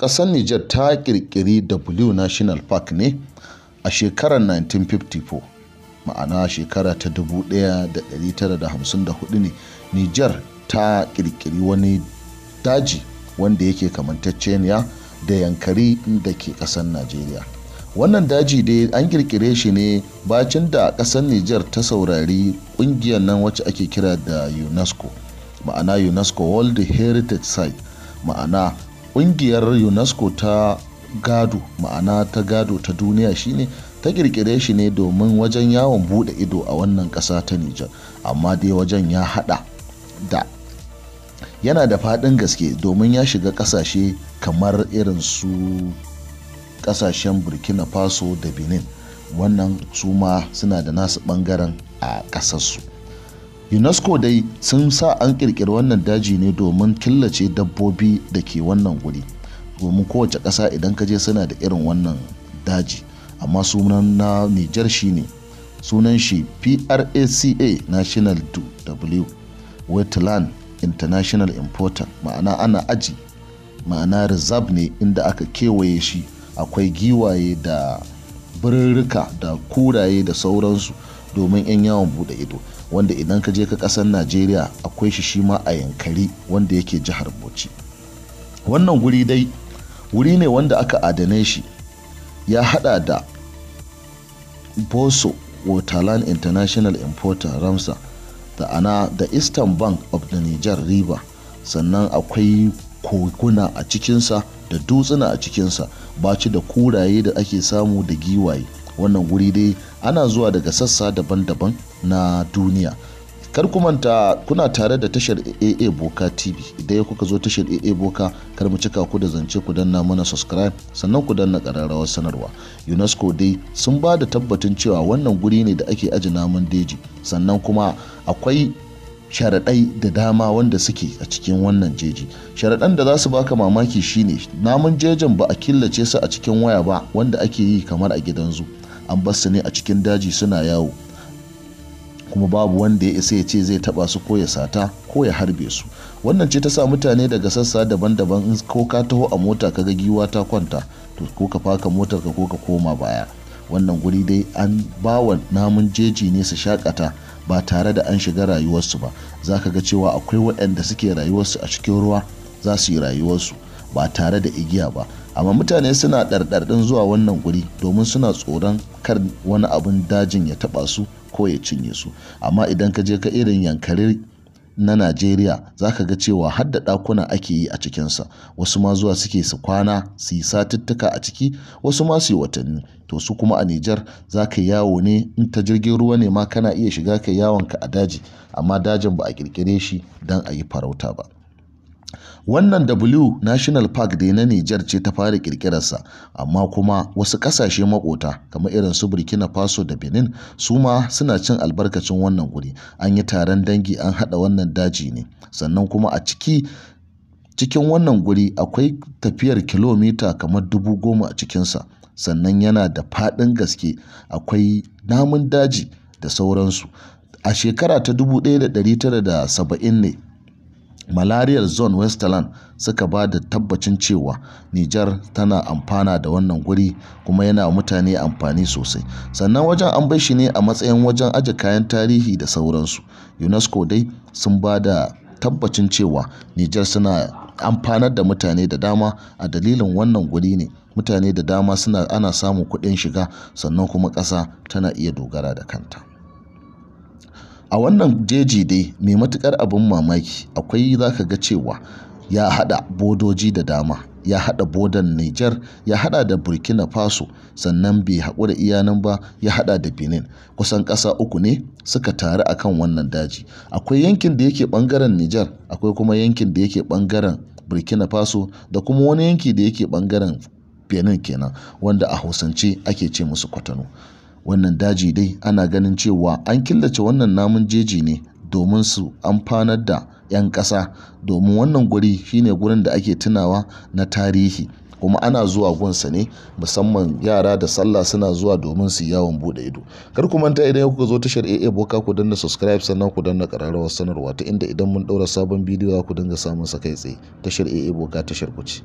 ƙasar Nijar ta ƙirƙiri W National Park ne a shekarar 1954 ma'ana shekara ta 1954 ne Nijar ta ƙirƙiri wani daji wanda yake kamantacceniya da yankari da ke ƙasar Najeriya. Wannan daji dai an ƙirƙire shi ne bacin da ƙasar Nijar ta saurari ƙungiyar nan wacce ake kira da UNESCO ma'ana UNESCO World Heritage Site ma'ana ƙungiyar unesco ta gado ma'ana ta gado ta duniya shine ta kirkire shi ne domin wajen yawon bude ido a wannan ƙasa ta nijar amma dai wajen ya hada da yana da faɗin gaske domin ya shiga ƙasashe kamar irin su ƙasashen burkina faso da benin wannan su ma suna da nasu ɓangaren a ƙasarsu unesco dai sun sa an kirkiri wannan daji ne domin killace dabbobi da ke wannan guri domin kowace ƙasa idan ka je suna da irin wannan daji amma sunan na nijar shi ne sunan shi praca national w wetland international importer ma'ana ana aji ma'ana reserve ne inda aka kewaye shi akwai giwaye da birrika da kuraye da sauransu domin 'yan yawon bude ido wanda idan ka je ka ƙasar najeriya akwai shi shi ma a yankari wanda yake jihar bauchi wannan guri dai wuri ne wanda aka adane shi ya hada da boso waterland international importer ramsa da ana da eastern bank of the niger river sannan akwai koguna a cikinsa da dutsuna a cikinsa baci da kuraye da ake samu da giwaye wannan guri dai ana zuwa daga sassa daban-daban na duniya kar ku manta kuna tare da tashar AA Boka TV idan ya kuka zo tashar AA Boka kar mu cika ku da zance ku danna mana subscribe sannan ku danna ƙararrawar sanarwa UNESCO dai sun ba da tabbacin cewa wannan guri ne da ake aji namun deji sannan kuma akwai sharaɗai da dama wanda suke a cikin wannan jeji sharaɗan da za su baka mamaki shine namun jejin ba a killace su a cikin waya ba wanda ake yi kamar a gidan zu an bar su ne a cikin daji suna yawo kuma babu wanda ya isa ya ce zai taba su ko ya sata ko ya harbe su wannan ce ta sa mutane daga sassa daban-daban in ko ka taho a mota ka ga giwa ta kwanta to ko ka faka motar ka ko ka koma baya wannan guri dai an bawa namun jeji ne su shakata ba tare da an shiga rayuwarsu ba za ka ga cewa akwai waɗanda suke rayuwarsu a cikin ruwa za su yi rayuwarsu ba tare da igiya ba amma mutane suna ɗarɗarɗin zuwa wannan guri domin suna tsoron kar wani abin dajin ya taɓa su ko ya cinye su amma idan ka je ka irin yankari na najeriya za ka ga cewa har da ɗakuna ake yi a cikinsa wasu ma zuwa suke su kwana su yi satuttuka a ciki wasu ma su yi watanni to su kuma a nijar za ka yawo ne in ta jirgin ruwa ne ma kana iya shiga ka yawonka a daji amma dajin ba a ƙirƙire shi don a yi farauta ba Wannan W National Park dai na Nijar ce ta fara kirkirarsa amma kuma wasu kasashe maƙota kamar irin su Burkina Faso da Benin su ma suna cin albarkacin wannan guri. An yi taron dangi an haɗa wannan daji ne, sannan kuma a ciki cikin wannan guri akwai tafiyar kilomita kamar dubu goma a cikinsa, sannan yana da fadin gaske, akwai namun daji da sauransu. A shekara ta 1970 ne. malariyar zone westland suka ba da tabbacin cewa nijar tana amfana da wannan guri kuma yana mutane amfani sosai sannan wajen an bai shi ne a matsayin wajen aje kayan tarihi da sauransu unesco dai sun ba da tabbacin cewa nijar suna amfanar da mutane da dama a dalilin wannan guri ne mutane da dama suna ana samun kuɗin shiga sannan kuma ƙasa tana iya dogara da kanta a wannan jeji dai mai matukar abin mamaki akwai za ka ga cewa ya hada bodoji da dama ya hada bodan niger ya hada da Burkina Faso sannan bai haƙu da iyanan ba ya hada da Benin kusan ƙasa uku ne suka taru akan wannan daji akwai yankin da yake ɓangaren niger akwai kuma yankin da yake ɓangaren Burkina Faso da kuma wani yanki da yake bangaren Benin kenan wanda a Hausance ake ce musu kwatano Wannan daji dai ana ganin cewa an killace wannan namun jeji ne domin su amfanar da 'yan ƙasa domin wannan guri shine gurin da ake tunawa na tarihi kuma ana zuwa gunsa ne musamman yara da sallah suna zuwa domin su yawon bude ido kar ku manta idan kuka zo tashar AA Boka ku danna subscribe sannan ku danna kararrawar sanarwa ta inda idan mun ɗaura sabon bidiyo za ku dinga samun sa kai tsaye tashar AA Boka tashar ku